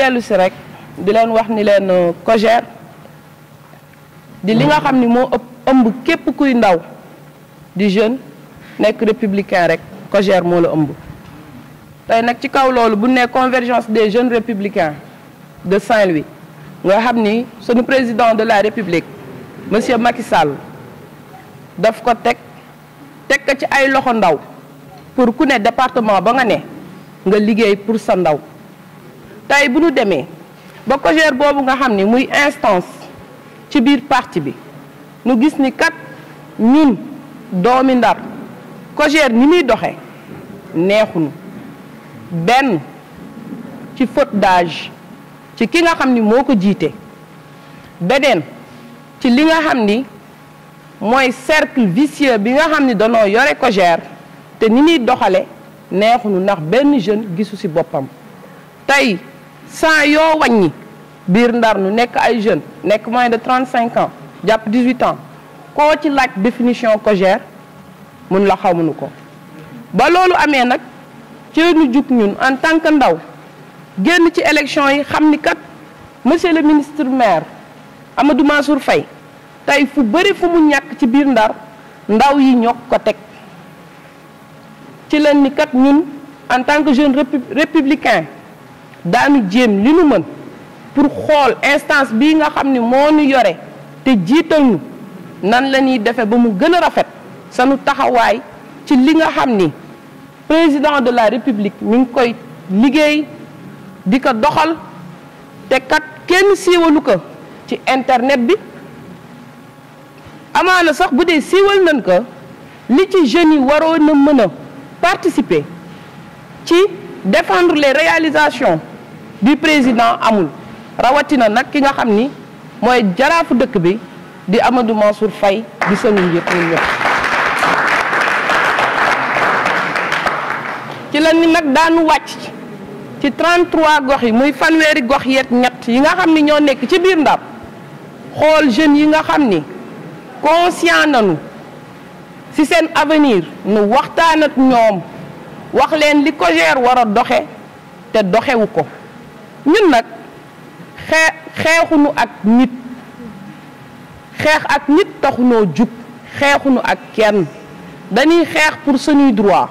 dellu si rek di leen wax ni leen euh, COJER di li nga xam ni moo ëpp ëmb képp kuy ndaw di jeune nekk républicain rek COJER moo la ëmb tey nag ci kaw loolu bu ne convergence des jeunes républicains de Saint-Louis nga xam ni sunu président de la république monsieur Macky Sall daf ko teg teg ko ci ay loxo ndaw pour ku ne département ba nga ne nga liggéey pour sa ndaw tey bu ñu demee ba COJER boobu nga xam ni muy instance ci biir parti bi nu gis ni kat ñun doomi Ndar COJER ni muy doxe neexuñu benn ci faute d'âge ci ki nga xam ni moo ko jiite beneen ci li nga xam ni mooy cercle vicieux bi nga xam ni danoo yore COJER te ni muy doxale neexuñu ndax benn jeune gisu ci boppam tey cent yoo wàññi biir ndar nu nekk ay jeunes nekk moins de trente cinq ans jàpp dix huit ans koo ci laaj définition COJER mun la xamuñu ko ba loolu amee nag ci la ñu ñun en tant que ndaw génn ci élection yi xam ni kat monsieur le ministre maire Amadou Mansour Faye tey fu bëri fu mu ñàkk ci biir ndar ndaw yi ñokk ko teg ci leen ni kat ñun en tant que jeune républicain daanu jéem li nu mën pour xool instance bii nga xam ni moo nu yore te jiital ñu nan la ñuy defee ba mu gën a rafet sanu taxawaay ci li nga xam ni président de la république mi ngi koy liggéey di ko doxal te kat kenn siiwalu ko ci internet bi amaana sax bu dee siiwal nañ ko li ci jeunes yi waroon na mën a participer ci défendre le réalisation bi président amul rawatina nag ki nga xam ni mooy jaraafu dëkk bi di Amadou Mansour Faye di sunu njiit ñun ñëpp ci la ni nag daanu wàcc ci 33 gox yi muy fanweeri gox yeeg ñett yi nga xam ni ñoo nekk ci biir Ndar xool jeunes yi nga xam ni conscient nañu ci seen avenir nu waxtaan ak ñoom wax leen li COJER war a doxe te doxewu ko ñun nag xee xeexunu ak nit xeex ak nit taxunoo jug xeexunu ak kenn dañuy xeex pour suñuy droit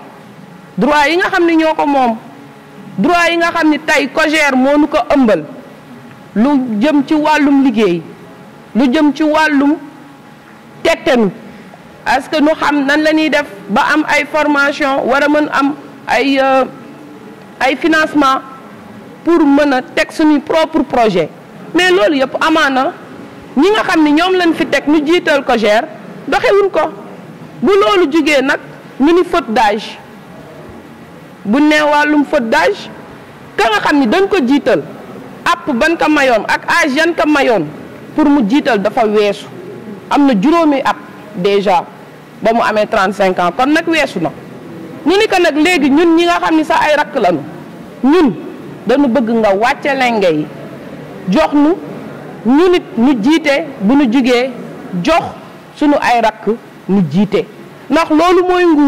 droit yi nga xam ne ñoo ko moom droit yi nga xam ni tey COJER moo nu ko ëmbal lu jëm ci wàllum liggéey lu jëm ci wàllum tettanu parce que nu xam nan la ñuy def ba am ay formation war a mën am ay euh, ay financement pour mën a teg suñu propre projet mais loolu yëpp amaana ñi nga xam ni ñoom lañ fi teg ñu jiital ko gère doxewuñ ko bu loolu jugee nag ñu ni faute d'âge bu nee wàllum faute d'âge ka nga xam ni dañ ko jiital app ban ko mayoon ak âge yan ko mayoon pour mu jiital dafa weesu am na juróomi app déjà ba mu amee 35 ans kon nag weesu na ñu ni ko nag léegi ñun ñi nga xam ni sax ay rakk lañu ñun danu bëgg nga wàcce lenge yi jox nu ñu nit ñu jiite bu ñu jugee jox sunu ay rakk ñu jiite ndax loolu mooy nguur